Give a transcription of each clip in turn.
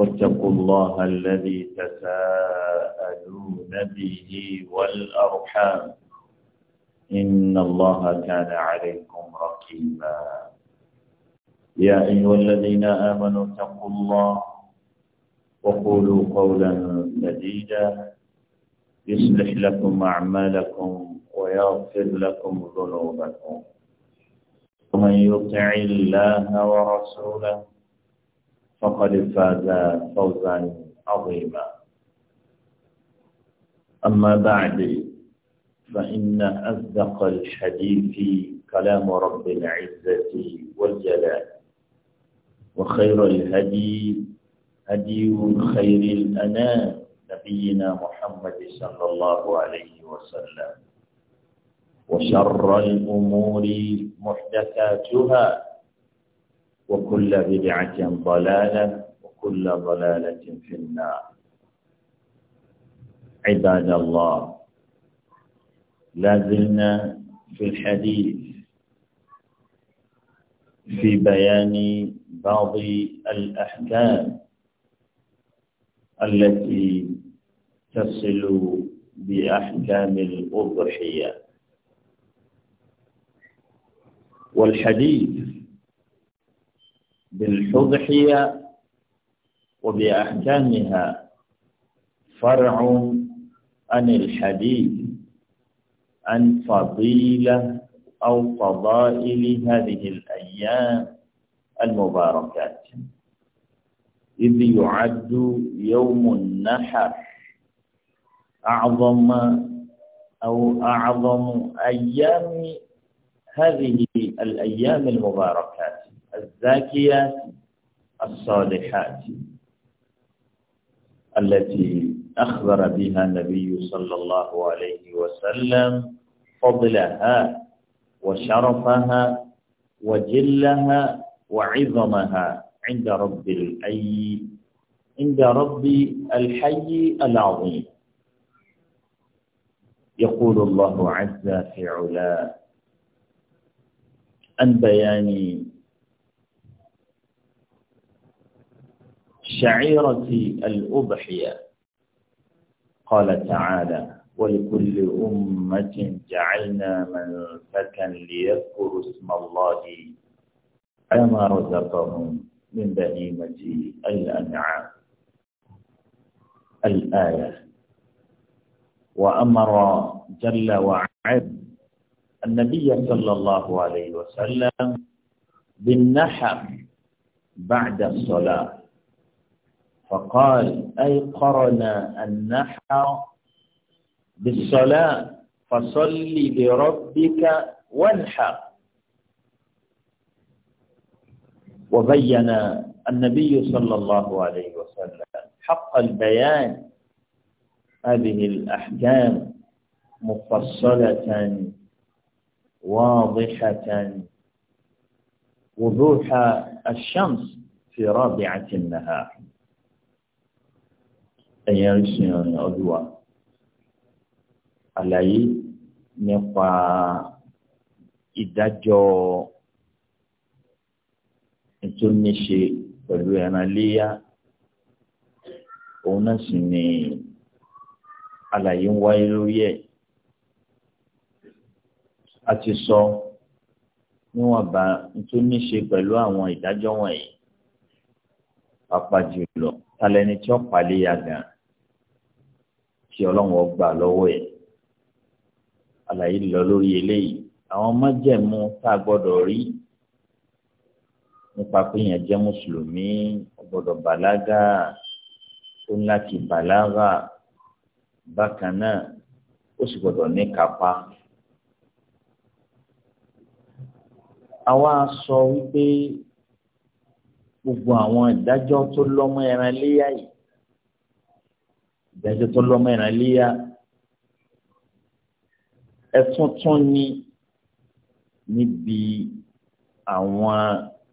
واتقوا الله الذي تساءلون به والأرحام إن الله كان عليكم رقيبا يا أيها الذين آمنوا اتقوا الله وقولوا قولا سديدا يصلح لكم أعمالكم ويغفر لكم ذنوبكم ومن يطع الله ورسوله فقد فاز فوزا عظيما أما بعد فإن أصدق الحديث كلام رب العزة والجلال وخير الهدي هدي خير الأنام نبينا محمد صلى الله عليه وسلم وشر الأمور محدثاتها وكل بدعة ضلالة وكل ضلالة في النار عباد الله لازلنا في الحديث في بيان بعض الأحكام التي تصل بأحكام الأضحية والحديث بالأضحية وبأحكامها فرع عن الحديث عن فضيلة أو فضائل هذه الأيام المباركات إذ يعد يوم النحر أعظم أو أعظم أيام هذه الأيام المباركات الزاكيات الصالحات التي أخبر بها النبي صلى الله عليه وسلم فضلها وشرفها وجلها وعظمها عند رب الأي عند رب الحي العظيم يقول الله عز في علاه عن بيان شعيرة الأضحية قال تعالى ولكل أمة جعلنا منسكا ليذكروا اسم الله أما رزقهم من بهيمة الأنعام الآية وأمر جل وعلا النبي صلى الله عليه وسلم بالنحر بعد الصلاة فقال أيقرنا النحر بالصلاة فصل لربك وانحر وبين النبي صلى الله عليه وسلم حق البيان هذه الأحكام مفصلة واضحة وضوح الشمس في رابعة النهار ẹ̀yìn ẹ̀rìsìn ọ̀rìn ọdúnwà àlàyé nípa ìdájọ́ ètò níṣe pẹ̀lú ẹran léyà òun náà sì ni àlàyé ń wáyé lórí ẹ̀ a ti sọ níwọ̀nba tó ní ṣe pẹ̀lú àwọn ìdájọ́ wọ̀nyí pàápàá jùlọ talẹ́ni tí ó pàlẹ́ ya tí ọlọ́run ó gbà lọ́wọ́ ẹ̀ àlàyé lọ lórí eléyìí àwọn májẹ̀mú tá a gbọ́dọ̀ rí nípa pé èèyàn jẹ́ mùsùlùmí ó gbọ́dọ̀ bàlágà ó ní láti bàlágà bákan náà ó sì gbọ́dọ̀ ní kápá. àwa sọ wípé gbogbo àwọn ìdájọ́ tó lọ́mọ ẹran léyà yìí ìdájọ́ tó lọ́mọ ìran léyà ẹ̀sùn tún ní níbi àwọn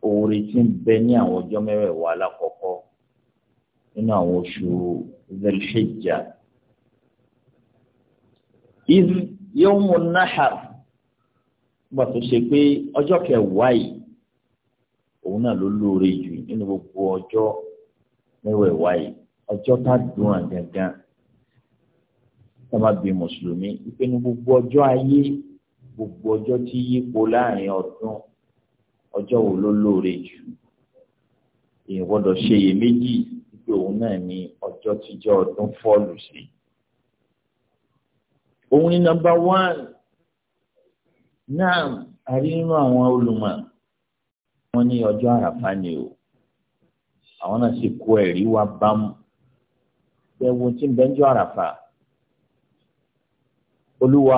oore tí ń bẹ ní àwọn ọjọ́ mẹ́wẹ̀ẹ̀wá alákọ̀ọ́kọ́ nínú àwọn oṣù zelhijja iz yawmu nahar gbà tó ṣe pé ọjọ́ kẹwàá yìí òun náà ló lóore jù nínú gbogbo ọjọ́ mẹ́wẹ̀ẹ̀wá yìí ọjọ́ tá a dùn àgàgàn sábà bíi mùsùlùmí ìpinnu gbogbo ọjọ́ ayé gbogbo ọjọ́ tí yípo láàrin ọdún ọjọ́ wo ló lóore jù èèyàn gbọ́dọ̀ ṣe iyèméjì pé òun náà ni ọjọ́ tíjọ́ ọdún fọ́ọ̀lù sí. òun ni nọ́mbà wán náà àrínú àwọn olùmọ̀ wọ́n ní ọjọ́ àràfá ni o àwọn náà sì kó ẹ̀rí wa bámu bẹ̀wò tí ń bẹ́ńjọ́ àràfà olúwa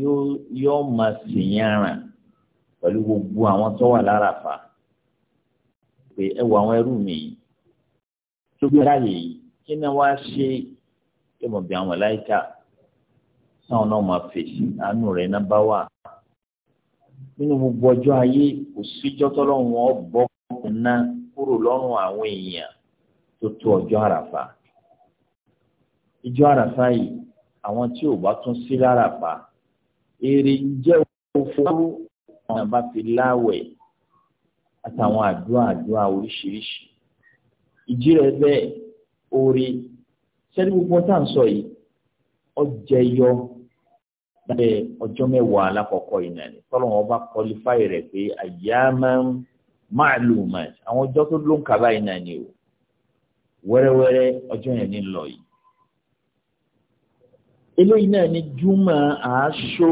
yóò yóò máa sèyànrà pẹ̀lú gbogbo àwọn tó wà láràfà pé ẹ wọ àwọn ẹrú mi tó gbéra yìí kí ni wàá ṣe yóò mọ̀ bí àwọn láìka táwọn náà máa fèsì àánú rẹ̀ náà bá wà nínú gbogbo ọjọ́ ayé kò síjọ́ tọ́lọ́run ọ̀ bọ́ ọ̀nà kúrò lọ́rùn àwọn èèyàn tó tó ọjọ́ àràfà ìjọ àràfà yìí àwọn tí ò bá tún sí lára pa èrè jẹ́ òfurufú ọ̀nà bá fi láwẹ̀ àtàwọn àdúrà àdúrà oríṣiríṣi ìjì rẹ̀ bẹ́ẹ̀ orí sẹ́ni gbogbo tá à ń sọ yìí ọjẹ́ yọ lábẹ́ ọjọ́ mẹ́wàá alákọ̀ọ́kọ́ yìí náà ni tọ́lọ́wọ́n bá kọlifáì rẹ̀ pé àyà máa ń máàlùmáà àwọn ọjọ́ tó ló ń kà báyìí náà o wẹ́rẹ́wẹ́rẹ́ ọjọ́ yẹn ní lọ yìí eléyìí náà ni júmọ̀ àásó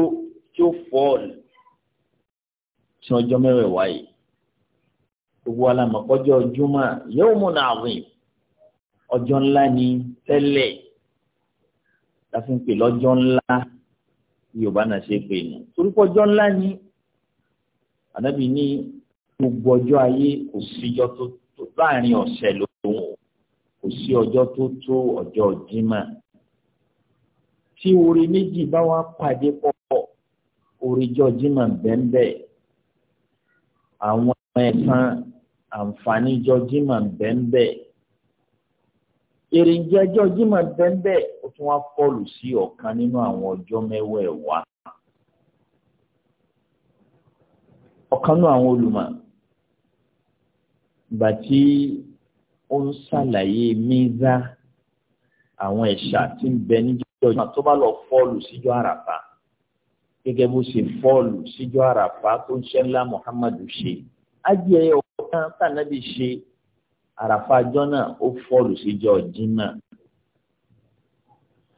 tí ó fọ́ọ̀lù tí ọjọ́ mẹ́wẹ̀ẹ́ wáyé gbogbo alamọ̀kọ́jọ́ júmọ̀ yóò mú náà wìn ọjọ́ ńlá ni tẹ́lẹ̀ láti ń pè lọ́jọ́ ńlá yorùbá náà ṣe pè nù torípọ̀ ọjọ́ ńlá ni ànábì ní gbogbo ọjọ́ ayé kò síjọ́ tó láàrin ọ̀sẹ̀ lóhùn kò sí ọjọ́ tó tó ọjọ́ jímọ̀ tí orí méjì bá wá pàdé pọ̀ orí jọjúmọ̀ bẹ́ẹ̀ àwọn ẹ̀sán àǹfààní jọjúmọ̀ bẹ́ẹ̀ èrìǹjẹ jọjúmọ̀ bẹ́ẹ̀ ó tún wá fọ́ọ̀lù sí ọ̀kan nínú àwọn ọjọ́ mẹ́wẹ̀ẹ̀wá ọ̀kan nínú àwọn olùmọ̀ ìgbà tí ó ń ṣàlàyé míza àwọn ẹ̀ṣà tí ń bẹ níjọ́ jọjọ tó bá lọ fọ́ọ̀lù síjọ́ àràfà gẹ́gẹ́ bó ṣe fọ́ọ̀lù síjọ́ àràfà tó ń ṣe ńlá muhammadu ṣe ájì ẹyẹ ọ̀kan tànàbí ṣe àràfà ajọ́ náà ó fọ́ọ̀lù síjọ́ jimá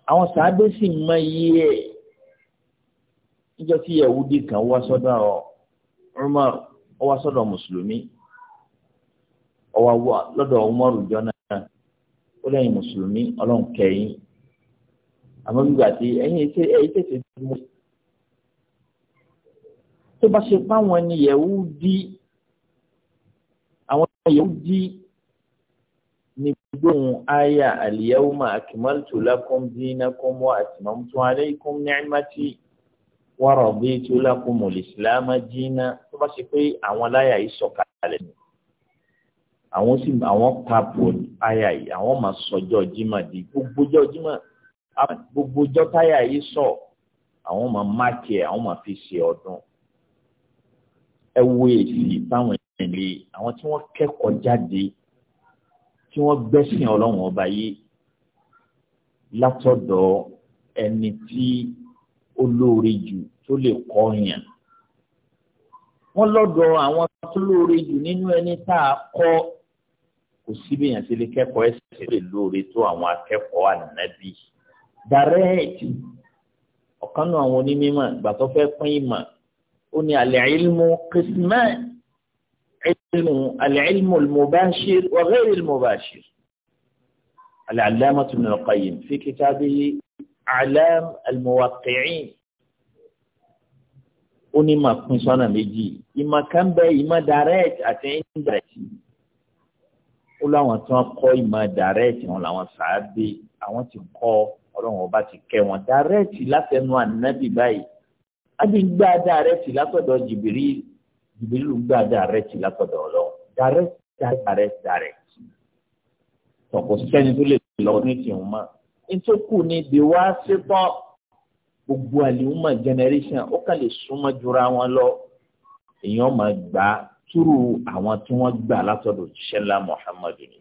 àwọn sàábé sì mọ iye ẹ̀ níjọ́ tí yahudi kan wá sọ́dọ̀ Umar ó wá sọ́dọ̀ mùsùlùmí ó lọ́dọ̀ Umar jọ náà ó lẹ́yìn mùsùlùmí ọlọ́run kẹ́yìn àmọ́ gbígbà tí ẹ̀yin ètè ẹ̀yin tètè ti mú. tó bá ṣe páwọn ẹni Yẹhudi àwọn Yẹhudi ní gbóhùn àyà al-yawma akmaltu lakum dinakum wa atmamtu alaykum ni'mati wa raditu lakumul islama dina tó bá ṣe pé àwọn láyà yìí sọ̀kalẹ̀ ni àwọn sì àwọn papò àyà yìí àwọn máa sọjọ́ jimá di gbogbo jọ́ jimá gbogbo jọ́táyà yìí sọ àwọn máa máàkì ẹ̀ àwọn máa fi ṣe ọdún ẹ wo èsì táwọn ẹ̀lẹ́ àwọn tí wọ́n kẹ́kọ̀ọ́ jáde tí wọ́n gbẹ́sìn ọlọ́run ọba yìí látọ̀dọ̀ ẹni tí ó lóore jù tó lè kọ́ yàn wọ́n lọ́dọ̀ àwọn tó lóore jù nínú ẹni tá a kọ́ kò síbi yàn sí lè kẹ́kọ̀ọ́ ẹ̀sìn lè lóore tó àwọn akẹ́kọ̀ọ́ ànábì yìí dàrẹ́ẹ̀tì ọ̀kan náà àwọn onímọ̀ ìgbà tó fẹ́ pín ìmọ̀ ó ní al-ilmu qisman ilmu al-ilmu al-mubashir wa ghayr al-mubashir al-allamah ibn al-qayyim fi kitabihi a'lam al-muwaqqi'in ó ní máa pín sọ́nà méjì ìmọ̀ kan bẹ ìmọ̀ direct àti indirect ó láwọn tí wọ́n kọ́ ìmọ̀ direct wọn làwọn sàábé àwọn tí kọ́ ọ́ ọlọ́run ọba ti kẹ́ wọn dàrẹ́ẹ̀tì látẹnu ànábì báyìí ábí gbá dàrẹ́ẹ̀tì látọ̀dọ̀ jìbìrí jìbìrí ló gbá dàrẹ́ẹ̀tì látọ̀dọ̀ ọlọ́run dàrẹ́ẹ̀tì dàrẹ́ẹ̀tì dàrẹ́ẹ̀tì tọ̀kọ̀ sẹ́ni tó lè lọ ní tìhún mọ́ nítòkù ni the wá ṣetán gbogbo àlìhùnmọ̀ generation ó kàn lè súnmọ́ jura wọn lọ èèyàn máa gbà túrú àwọn tí wọ́n gbà látọ̀dọ̀ ṣẹlá Muhammadu ni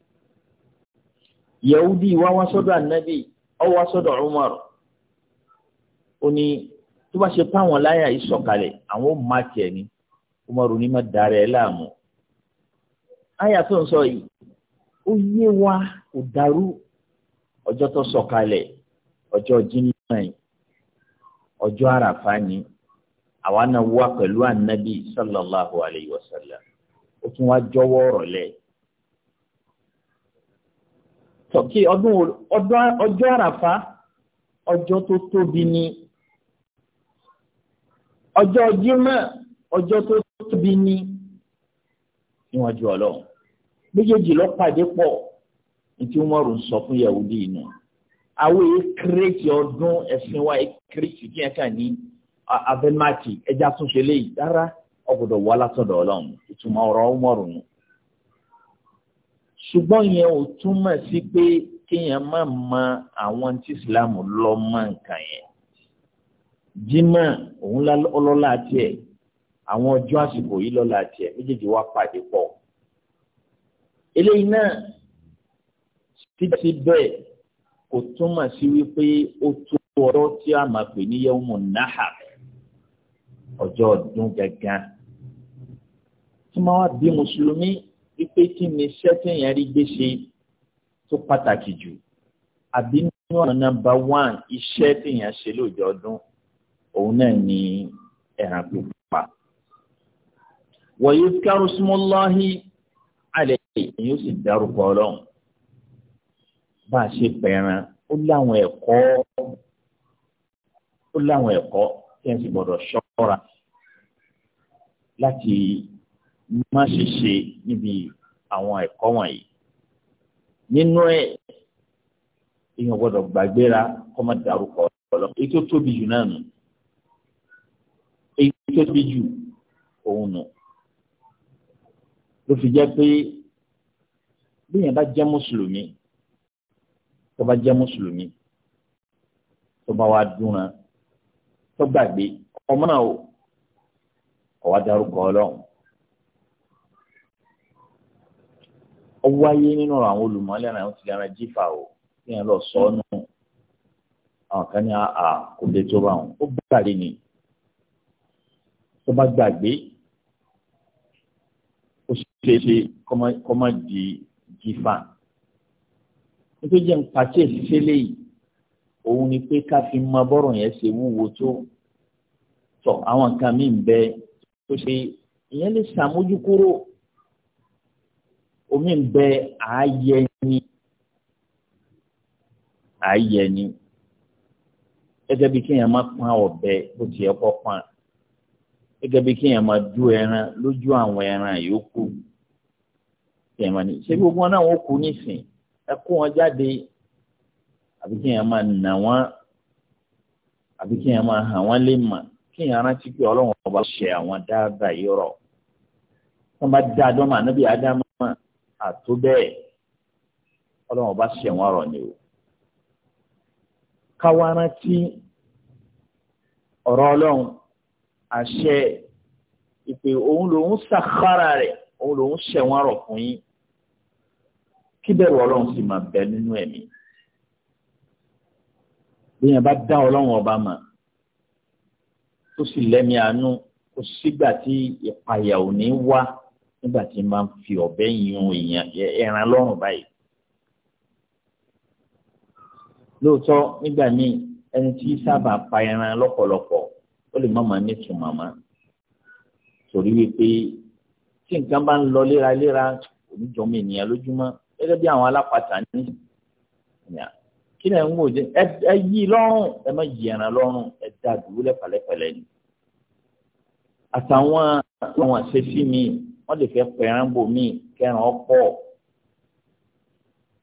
yahudi wá wá sọ́dọ̀ ànábì ọwọ́ sọ́dọ̀ Umar ó ní tó bá ṣe páwọn láyà yìí àwọn ó má tiẹ̀ ni Umar ní má darẹ̀ láàmú àyà tó ń sọ wa kò dàrú ọjọ́ tó sọ̀kalẹ̀ ọjọ́ jimá yìí ọjọ́ àràfà ni àwa náà wá sallallahu alayhi wa sallam ó tún tọ̀kí ọdún ọjọ́ àràfá ọjọ́ tó tóbi ni ọjọ́ jímọ̀ ọjọ́ tó tóbi ni níwájú ọlọ́run méjèèjì lọ pàdé pọ̀ tí wọ́n rò ń sọ fún yahudi inú àwọn èyí kírètì ọdún ẹ̀sìn wa kírètì kí ẹ kàn ní abẹ́mátì ẹja túnṣe léyìí rárá ọgbọ́dọ̀ wọ́n látọ̀dọ̀ ọlọ́run ìtumọ̀ ọ̀rọ̀ ọmọrùn ṣùgbọ́n yẹn ò túmọ̀ sí pé kéèyàn má mọ àwọn tí islam lọ mọ nǹkan yẹn jimá òun lọ́la tiẹ̀ àwọn ọjọ́ àsìkò yìí lọ́la tiẹ̀ méjèèjì wá pàdé pọ̀ eléyìí náà títí bẹ́ẹ̀ kò túmọ̀ sí wípé ó tó ọjọ́ tí a máa pè ní yẹ́wùmù náà ọjọ́ ọdún gangan tí wọ́n wá bí mùsùlùmí wípé kí ni iṣẹ́ téèyàn rí gbé ṣe tó pàtàkì jù àbí nínú ọ̀nà nọ́mbà wán iṣẹ́ téèyàn ṣe lóòjọ́ ọdún òun náà ni ẹran pípa. wọ̀nyí kárùsùmọ́láhí alẹ́ èyí ó sì dárúkọ ọlọ́run bá a ṣe pẹ̀ran ó láwọn ẹ̀kọ́ ó láwọn ẹ̀kọ́ tí wọ́n sì gbọ́dọ̀ ṣọ́ra láti má ṣe ṣe níbi àwọn ẹ̀kọ́ wọ̀nyí nínú ẹ̀ èèyàn gbọ́dọ̀ gbàgbéra kó má dárúkọ ọlọ́run èyí tó tóbi jù náà nù èyí tó tóbi jù òun nù ló fi jẹ́ pé bíyàn bá jẹ́ mùsùlùmí tó bá jẹ́ mùsùlùmí tó bá wá dúnra tó gbàgbé ọmọ náà ò wá dárúkọ ọlọ́run. ó wáyé nínú àwọn olùmọ̀lẹ́ àwọn ti gara jífà o kí ẹ lọ sọ ọ́ nù àwọn kan ní àà kò lè tó bá wọn ó gbàgbé ni tó bá gbàgbé ó ṣeéṣe kó má di jífà nítorí jẹ́ pàṣẹ ìṣẹ́lẹ̀ yìí òun ni pé ká fi mọ bọ́rọ̀ yẹn ṣe wúwo tó tọ̀ àwọn kan mí bẹ́ẹ̀ tó ṣe ìyẹn lè ṣàmójúkúrò. omi ń bẹ ààyè ni ààyè ni gẹ́gẹ́ bí kéèyàn máa pọn ọ̀bẹ bó ti yẹ kó pọn gẹ́gẹ́ bí kéèyàn máa dú ẹran lójú àwọn ẹran yòókù kéèyàn máa ní ṣé gbogbo wọn náà wọ́n kú nísìn ẹ kó wọn jáde àbí kéèyàn máa nà àtó bẹ́ẹ̀ ọlọ́run ọba ṣẹ̀wọ̀n ọ̀rọ̀ ni o káwa rántí ọ̀rọ̀ ọlọ́run àṣẹ ìpè òun lòun ṣàkárà rẹ̀ òun lòun ṣẹ̀wọ̀n ọ̀rọ̀ fún yín kí bẹ̀rù ọlọ́run sì máa bẹ nínú ẹ̀mí bí yẹn bá dá ọlọ́run ọba mọ̀ tó sì lẹ́mí àánú kò sígbà tí ìpayà ò ní wá nígbà tí máa ń fi ọ̀bẹ yun èèyàn ẹran lọ́rùn báyìí. lóòótọ́ nígbà míì ẹni tí sábà pa ẹran lọ́pọ̀lọpọ̀ ó lè má máa nítumọ̀ mọ́ torí wípé tí nǹkan bá ń lọ léraléra oníjọmọ ènìyàn lójúmọ́ gẹ́gẹ́ bí àwọn alápatà ní kí lẹ ń wò dé ẹ yí lọ́rùn ẹ má yí ẹran lọ́rùn ẹ dá dùúlẹ̀ pẹ̀lẹ́pẹ̀lẹ́ ni àtàwọn àwọn àṣẹfí míì wọ́n lè fẹ́ pẹ̀rán bò míì kẹràn ọ̀pọ̀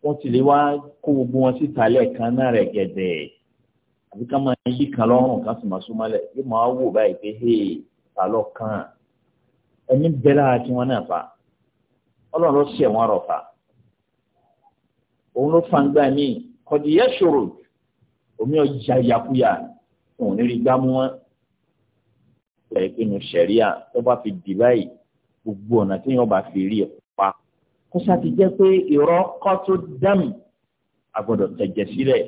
wọ́n sì lè wá kó gbogbo wọn síta lẹ́ẹ̀kan náà rẹ̀ gẹ̀dẹ̀ àbí ká máa yí kan lọ́rùn ká sì máa súnmọ́lẹ̀ yóò máa wò báyìí pé hey ta lọ kàn ẹni bẹ́ẹ̀ lára tí wọ́n náà fa ọlọ́run ló ṣẹ̀ wọ́n rọ̀ fa òun ló fa ń gbà míì kọ̀dí yẹ ṣòro omi ọjà yakuya òun ní rí gbámú wọn. ìgbà pinnu sẹ̀ríà tó bá fi dì báyìí gbogbo ọ̀nà tí yóò bá fi rí ẹ̀ pa kó sáti jẹ́ pé irọ́ kọ́ tó dámì agbọ́dọ̀ tẹ̀jẹ̀ sílẹ̀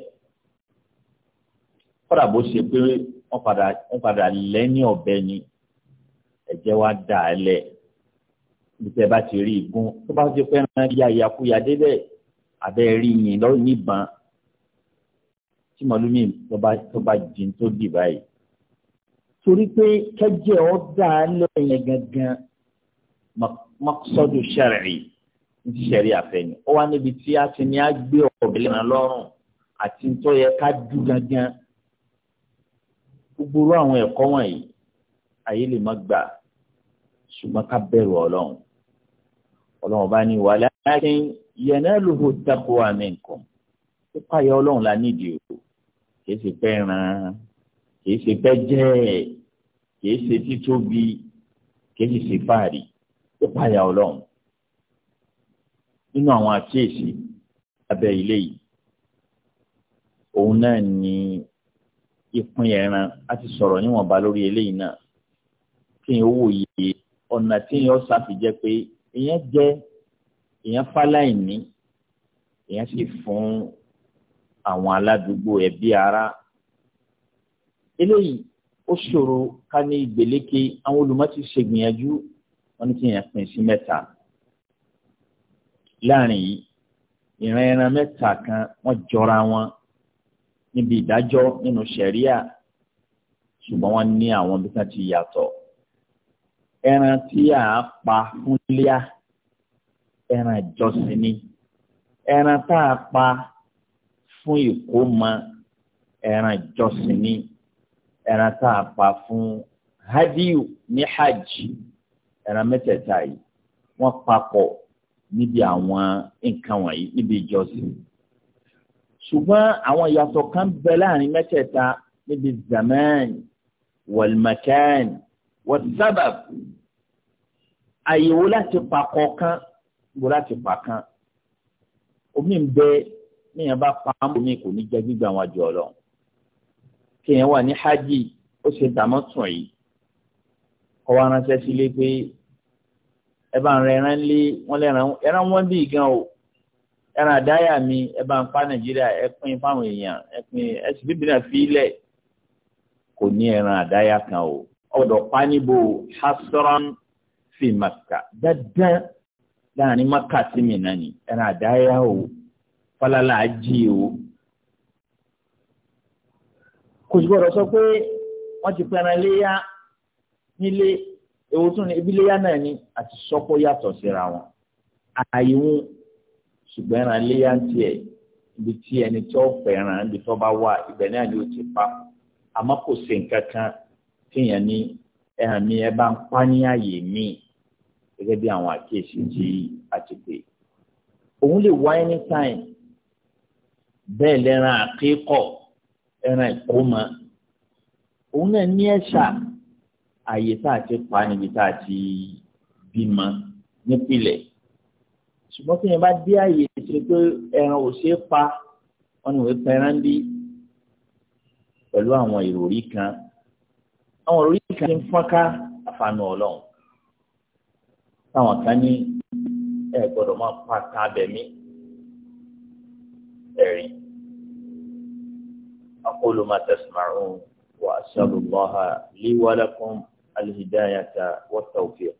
kọ́dà bó ṣe pé wọ́n padà wọ́n padà lẹ́ni ọ̀bẹ ni ẹ̀jẹ̀ wa dà á lẹ̀ nípa bá ti rí igun tó bá ti pẹ́ náà ya ìyakuya débẹ̀ abẹ́ rí yìn lọ́rùn níbọn tí màlúmi tó bá jìn tó dì báyìí torí pé kẹ́jẹ́ ọ́ dà á lẹ̀ yẹn gangan maqsadu shar'i ní ti sẹ̀rí àfẹ́ ni ó wá níbi tí a ti ní á gbé ọ̀bẹ̀lẹ̀ náà lọ́rùn àti tó yẹ ká dú gangan gbogbo àwọn ẹ̀kọ́ wọ̀nyí ayé lè má gbà ṣùgbọ́n ká bẹ̀rù ọlọ́run ọlọ́run bá ní walakin yanaluhu taqwa minkum ó pààyà ọlọ́run la nídìí o kìí ṣe pẹ́ ran kìí ṣe pẹ́ jẹ́ kìí ṣe títóbi kìí ṣe fàárì ìpayà ọlọ́run nínú àwọn àkíyèsí abẹ́ ilé yìí òun náà ni ìpín ẹran a ti sọ̀rọ̀ níwọ̀nba lórí eléyìí náà kí n owó yìí ọ̀nà tí n yọ ṣàfijẹ́ pé èèyàn jẹ́ èèyàn fáláìní èèyàn sì fún àwọn aládùúgbò ẹbí ara eléyìí ó ṣòro ká ní ìgbèléke àwọn olùmọ̀ ti ṣègbìyànjú wọn ní kí èèyàn pín sí mẹta láàrin yìí ìran ẹran mẹta kan wọn jọra wọn níbi ìdájọ́ nínú ṣẹ̀ríà ṣùgbọ́n wọn ní àwọn bí wọ́n ti yàtọ̀ ẹran tí a pa fún léa ẹran ìjọsìn ni ẹran tá a pa fún ìkómọ ẹran ìjọsìn ni ẹran tá a pa fún hadiu ní hajj ẹran mẹ́tẹ̀ẹ̀ta yìí wọ́n papọ̀ níbi àwọn nǹkan wọ̀nyí níbi ìjọsìn ṣùgbọ́n àwọn ìyàtọ̀ kan bẹ láàrin mẹ́tẹ̀ẹ̀ta níbi zaman wal-makan wat-sabab àyèwò láti pa kọ̀ọ̀kan gbò láti pa kan omi ń bẹ níyàn bá pa ámbò mi kò ní jẹ́ gbígbà wọn jọ lọ kéèyàn wà ní hajj ó ṣe dàmọ́tún yìí kọ́ wa ránṣẹ́ sílé pé ẹ bá ń rẹ ẹran lé wọn lẹ́ran ẹran wọn bí gan o ẹran àdáyà mi ẹ bá ń pa nàìjíríà ẹ pín fáwọn èèyàn ẹ pín ẹsì bíbí náà fi lẹ̀ kò ní ẹran àdáyà kan o ọ̀dọ̀ panibo hasran fi maka dandan láàrin maka sí mi náà ni ẹran àdáyà o falala ají o kò sí gbọdọ̀ sọ pé wọ́n ti pẹran léyà nílé. èwo tún ebile ebiléyà náà ni àti sọ́kó yàtọ̀ síra wọn ààyè ṣùgbọ́n ẹran léyà ń tiẹ̀ ibi tí ẹni tí ó fẹ́ràn ibi tó bá wà ibẹ̀ náà ni ó ti pa àmọ́ kò sí nǹkan kan kéèyàn ní ẹran mi ẹ bá ń pa ní gẹ́gẹ́ bí àwọn àkíyèsí a ti òun lè wá anytime bẹ́ẹ̀ lẹ́ran àkíkọ̀ ẹran ìkómọ òun náà ní ẹ̀ṣà. àyè tá a ti pa níbi tá a ti bímọ nípìnlẹ̀ ṣùgbọ́n tí yẹn bá dé àyè ṣe pé ẹran ò ṣeé pa wọn ni wọ́n pẹran bí pẹ̀lú àwọn ìròrí kan àwọn ìròrí kan ti ń fọ́nká àfààní ọlọ́run táwọn kan ní ẹ gbọ́dọ̀ máa pa ká abẹ̀mí ẹ̀rín aqulu ma tasma'un wa asalu allaha li wa lakum. الهداية والتوفيق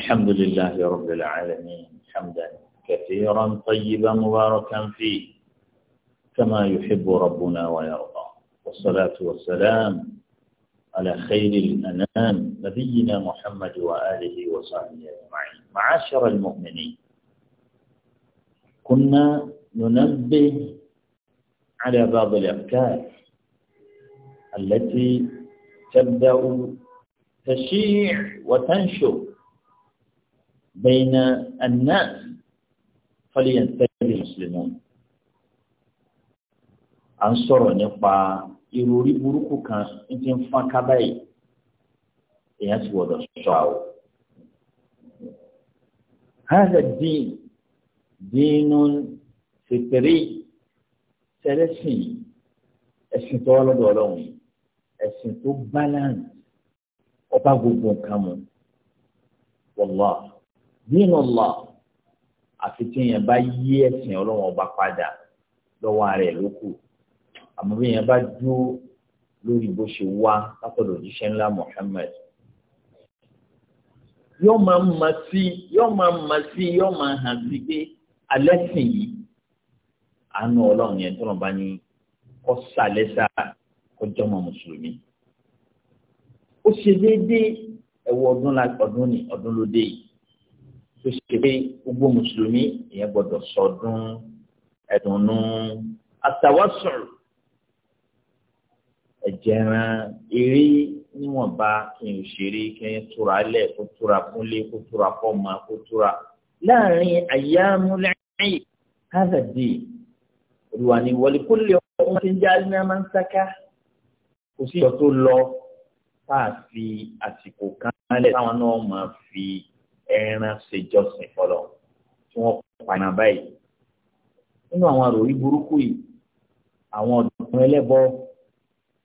الحمد لله رب العالمين حمدا كثيرا طيبا مباركا فيه كما يحب ربنا ويرضى والصلاة والسلام على خير الأنام نبينا محمد وآله وصحبه أجمعين معاشر المؤمنين كنا ننبه على بعض الأفكار التي تبدأ تشيع وتنشر بين الناس فلينتبه المسلمون à ń sọ̀rọ̀ nípa ìròrí burúkú kan ń ti ń fọ́n ká báyìí èèyàn ti wọ̀dọ̀ sọ àwọ̀. هذا الدين دين فطري سلسي ẹ̀sìn tó wà lọ́dọ̀ ọlọ́run ẹ̀sìn tó balance ọba gbogbo nǹkan mu wọ́lọ́ọ̀ dínú lọ àfi tí yẹn bá yí ẹ̀sìn ọlọ́wọ́n ọba padà lọ́wọ́ ara ẹ̀ lókù àmọ́ bí yẹn bá dúró lórí bó ṣe wá látọ̀dọ̀ òjíṣẹ́ ńlá Muhammad yóò máa ma sí yóò máa ma sí yóò máa hàn sí pé alẹ́ sìn yìí àánú ọlọ́run yẹn tó lọ́n bá ní kọ́ sàlẹ́sà kọjọ́ mọ́ mùsùlùmí ó ṣe déédéé ẹ̀wọ̀ ọdún ọdún ni ọdún ló dé yìí tó ṣe pé gbogbo mùsùlùmí ìyẹn gbọ́dọ̀ sọdún ẹdùnnú àtàwọsọrọ ẹjẹran eré níwọ̀nba kí n ṣeré kí n túra lẹ kó túra kúnlé kó túra fọmọ kó túra láàrin àyàmúlẹ́yìn hádàdì olùwà ní wọlékólé ọmọ tí ń jẹ́ alẹ́ máa ń sáká kò sí ìjọ tó lọ tá àsìkò kan lẹ̀ táwọn náà máa fi ẹran ṣèjọsìn fọlọ tí wọn pààyàn náà báyìí nínú àwọn àròrí burúkú yìí àwọn ọdún ẹlẹbọ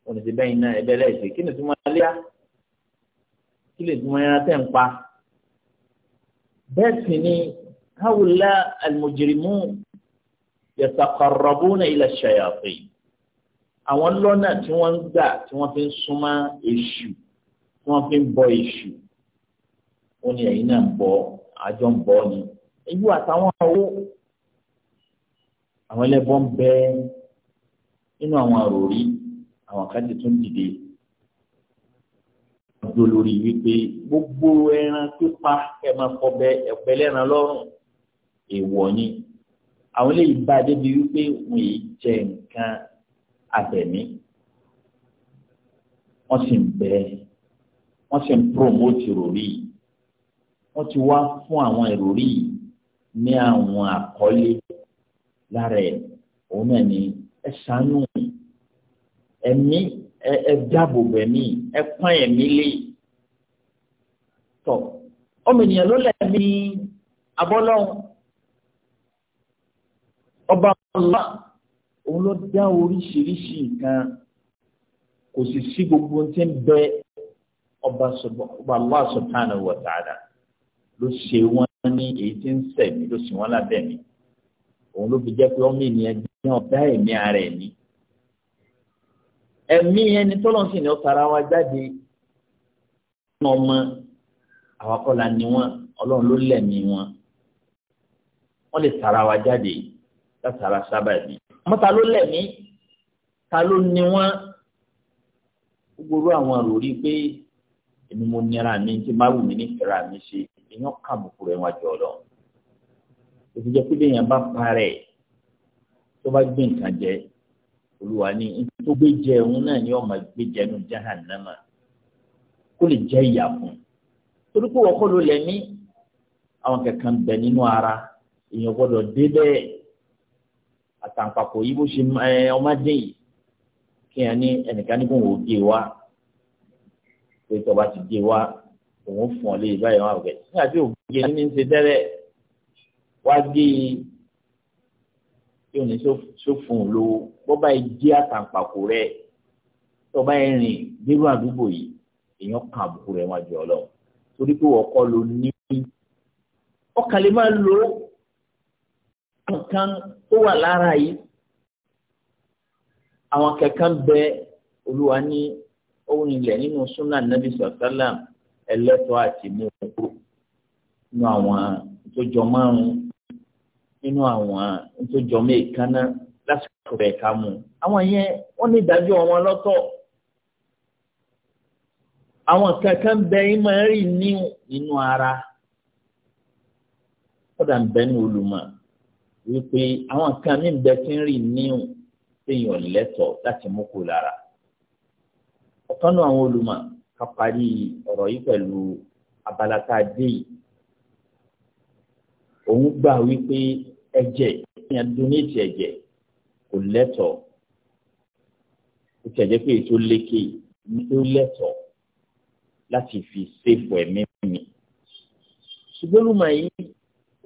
oníṣẹ bẹyìn náà ẹbẹ lẹsẹ kí ni tí wọn lé kí ni tí wọn yára tẹ ń pa bẹ́ẹ̀ sì ni hawula alimujirimu yatakarabuna ila shayatin àwọn lọ́nà tí wọ́n ń gbà tí wọ́n fi ń súnmọ́ èṣù tí wọ́n fi ń bọ èṣù ó ní ẹ̀yin náà ń bọ̀ àjọ ń bọ̀ ni ìlú àtàwọn owó àwọn ẹlẹ́bọn bẹ nínú àwọn àròrí àwọn kan ti tún dìde ọjọ́ lórí wípé gbogbo ẹran pípa ẹ máa fọbẹ ẹ̀pẹ́ lẹ́ran lọ́rùn èèwọ̀ ni àwọn eléyìí bá débi wípé wọn yìí jẹ nǹkan abẹ̀mí wọ́n sì ń bẹ wọ́n sì ń promote ròrí yìí wọ́n ti wá fún àwọn ìròrí yìí ní àwọn àkọlé lára ẹ̀ òun náà ni ẹ ṣàánú ẹ̀mí ẹ dáàbò bẹ̀mí ẹ pọ́n ẹ̀mí lé tọ̀ ọmọ ènìyàn ló lẹ́mí abọ́lọ́hún ọba ọlá òun ló dá oríṣiríṣi nǹkan kò sì sí gbogbo ohun tí ń bẹ ọba Allah subhanahu wa ta'ala ló ṣe wọ́n ní èyí tí ń sẹ̀mí ló ṣe wọ́n lábẹ́ mi òun ló fi jẹ́ pé ọmọ ènìyàn jẹ́ ọ̀dá ẹ̀mí ara ẹ̀mí ẹ̀mí ẹni tọ́lọ́n sì ní ó tara wa jáde ní ọmọ àwakọ́lá ni wọ́n ọlọ́run ló lẹ̀mí wọn wọ́n lè tara wa jáde látara sábàbí àmọ́ ta ló lẹ̀mí ta ló ni wọ́n gbogbo àwọn àròrí pé èmi mo nira mi tí má wù mí ní ìfẹ́ra mi ṣe èèyàn kàbùkù rẹ̀ wá jọ lọ òfin jẹ́ pé bẹ́ẹ̀yàn bá parẹ́ tó bá gbé nǹkan jẹ olùwà ni tó gbé jẹ òun náà ni ọmọ gbé jẹ nu jahannama kó lè jẹ ìyà fún torí pé wọ́n kọ́ ló lẹ́mí àwọn kankan bẹ nínú ara èèyàn gbọ́dọ̀ dé bẹ́ẹ̀ àtàǹpàkò yìí bó ṣe ọmọdé yìí kí ẹni ẹnìkan ní kò wò ó gé wa pé tọba ti gé wa òun fún ọ léyìí e báyìí wọn àgbẹ̀ nígbà tí ògùnjẹ ní ṣe tẹ́lẹ̀ wá gé e tí òun ní sófin lówó bọ́bá yìí jẹ́ àtàǹpàkò rẹ tọ́ba yẹn rìn dérú àdúgbò yìí èèyàn kan àbùkù rẹ̀ wájú ọlọ́run torí pé wọ́n kọ́ ló ní ọkàn lè máa lo kankan tó wà lára yìí àwọn kankan bẹ olúwa ní ohun ilẹ̀ nínú súnà nàbì sọ̀tàlám. ẹlẹ́tọ̀ọ́ àti mú kúrò Inú àwọn ìtòjọ márùn Inú àwọn ìtòjọ mẹ́ẹ̀kánná lásìkò rẹ̀ ká mú àwọn yẹn wọ́n ní ìdájọ́ wọn lọ́tọ̀ àwọn kankan bẹ máa ní inú ara kódà ń bẹ ní olùmọ̀ wípé àwọn kan mí bẹ tí ń rí láti mú kó lára ká parí ọ̀rọ̀ yìí pẹ̀lú abala tá a dé yìí òun gbà wípé ẹ̀jẹ̀ èèyàn donate ẹ̀jẹ̀ kò lẹ́tọ̀ọ́ ó ti ẹ̀jẹ̀ pé ètò lékè ní tó láti fi ṣèfò ẹ̀mí mi ṣùgbọ́n olùmọ̀ yìí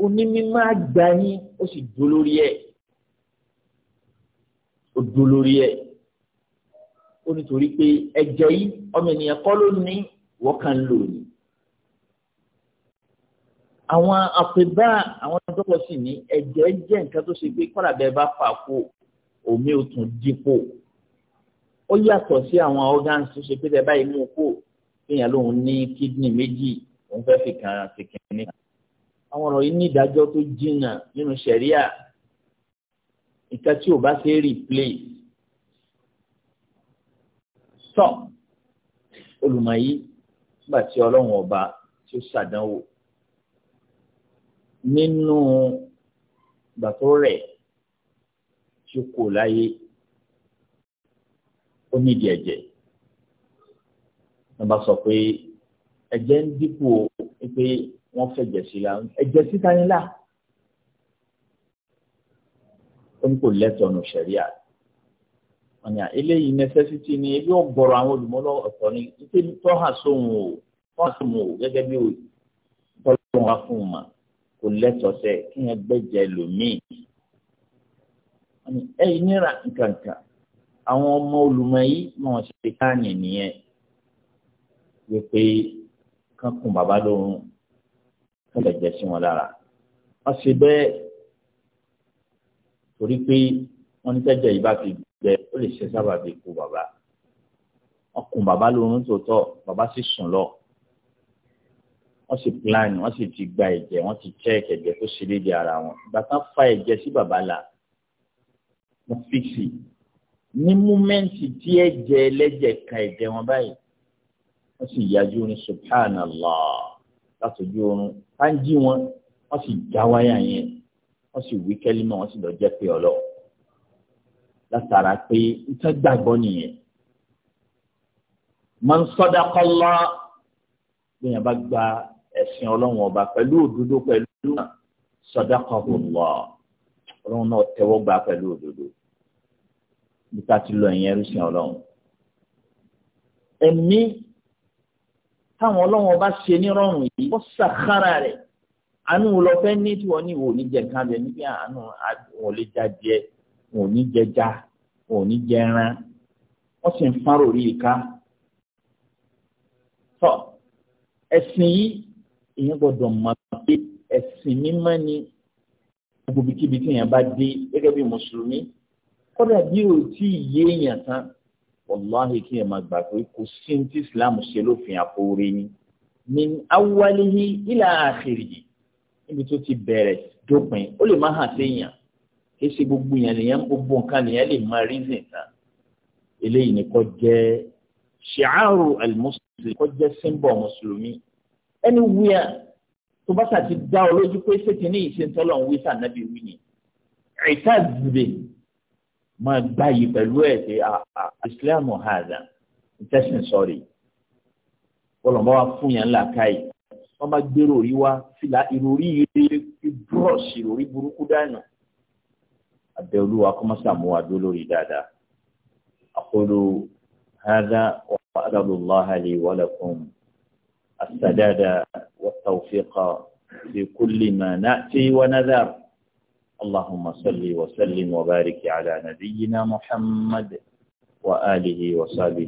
onímọ̀ àgbà yín ó sì dúró ẹ̀ ó dúró ẹ̀ ó nítorí pé ẹ̀jẹ̀ yìí ọmọ ènìyàn kọ́ ló ní wọ́n kàn ń lò ní. àwọn àpébá àwọn dókítà sì ní ẹ̀jẹ̀ jẹ́ nǹkan tó ṣe pé kọ́dà bẹ́ẹ̀ bá fà kó omi ò tún dípò ó yàtọ̀ sí àwọn organs tó ṣe pé tẹ báyìí mú kó èèyàn lòun ní kidney méjì òun fẹ́ fi kàn án sí kìnìún àwọn ọ̀rọ̀ yìí ní ìdájọ́ tó jìnnà nínú ṣẹ̀ríà nǹkan ò bá ṣe é replace tọ́ olùmọ̀ yìí nígbà tí ọlọ́run ọba tí ó ṣàdánwò nínú ìgbà tó rẹ̀ tí ó kò láyé ó nídìí ẹ̀jẹ̀ wọn bá sọ pé ẹ̀jẹ̀ ń dínkù o pé wọ́n fẹ̀jẹ̀ sí la ẹ̀jẹ̀ síta ni là ó ní kò lẹ́tọ̀ọ́ nù sẹ̀ríà ọ̀nà eléyìí necessity ni ebi ọ̀gọ̀rọ̀ àwọn olùmọ́lọ́ ọ̀tọ̀ ni ike tọ́hà sóhun o tọ́hà sóhun o gẹ́gẹ́ bí tọ́lọ́ wa fún un mà kò lẹ́tọ̀ọ́ sẹ́ kí wọ́n gbẹ́jẹ lòmíì ẹ̀yìn nira nkankan àwọn ọmọ olùmọ̀ yìí mọ̀ ọ́n ṣe káàyàn nìyẹn wípé kankun bàbá lòun kò lè jẹ sí wọn lára wọ́n ṣe bẹ́ẹ̀ torí pé wọ́n ní tẹ́jẹ̀ yìí bá fi lè ṣe sábàbí ikú bàbá ọkùn bàbá lóorun tòótọ́ bàbá sì sùn lọ wọ́n sì plan wọ́n sì ti gba ẹ̀jẹ̀ wọ́n ti check ẹ̀jẹ̀ tó ṣe déédéé ara wọn ìgbà kan fa ẹ̀jẹ̀ sí bàbá la wọ́n fíìsì ní múmẹ́ǹtì tí ẹ̀jẹ̀ ẹlẹ́jẹ̀ ka ẹ̀jẹ̀ wọn báyìí wọ́n sì yájú ní subhanallah látọjú oorun táǹjì wọn wọ́n sì já wáyà yẹn wọ́n sì wí kẹ́límọ̀ wọ́n sì lọ jẹ́ pé ọlọ́ọ̀ látara pé iṣẹ́ gbàgbọ́ nìyẹn. man sadaqa Allah gbìyànjú bá gba ẹ̀sìn ọlọ́run ọba pẹ̀lú òdodo pẹ̀lú náà sadaqa Allah ọlọ́run náà tẹ́wọ́ gbà pẹ̀lú òdodo nípa ti lọ ìyẹn ẹrúsìn ọlọ́run. ẹ̀mí táwọn ọlọ́run ọba ṣe nírọ̀rùn yìí wọ́n ṣàkárà rẹ̀ àánú lọ fẹ́ ní tí wọ́n ní ìwò oníjẹ̀ kan bẹ̀ àánú àwọn olè jáde wọn ò ní jẹja wọn ò ní jẹran wọ́n sì ń fárò rí ìka. tọ́ ẹ̀sìn yìí èèyàn gbọ́dọ̀ mọ̀ pé ẹ̀sìn mímọ́ ni gbogbo ibikíbi tí èèyàn bá dé gẹ́gẹ́ bí mùsùlùmí kódà bí o tí ì yé èèyàn tán wàláhì kí èèyàn máa gbà pé kò sí ní tí islam ṣe lófin àpòore ni min awwalihi ila akhirihi níbi tó ti bẹ̀rẹ̀ dópin ó lè má hàn séèyàn kìí ṣe gbogbo yẹn nìyẹn gbogbo nǹkan nìyẹn lè máa reason tán eléyìí ni kò jẹ́ ṣìáàrù alimusulmi kò jẹ́ symbol mùsùlùmí anywhere tó bá ṣàti dá ọ lójú pé ṣé kìíní yìí ṣe ń tọ́lọ̀ ń wí sànàbí wí ni ẹ̀ka zìbè máa gbá yìí pẹ̀lú ẹ̀ ṣe ah, ah, islamu haza ìtẹ̀sìn sọ̀rí kọlọ̀mọ́ wa fún yẹn ńlá káyìí wọ́n bá gbèrò rí wa fìlà ìròrí yìí rí brush ìròrí burúkú dànù. الدولو وكما سموا دولو ردادا أقول هذا وأدل الله لي ولكم السداد والتوفيق في كل ما نأتي ونذر اللهم صل وسلم وبارك على نبينا محمد وآله وصحبه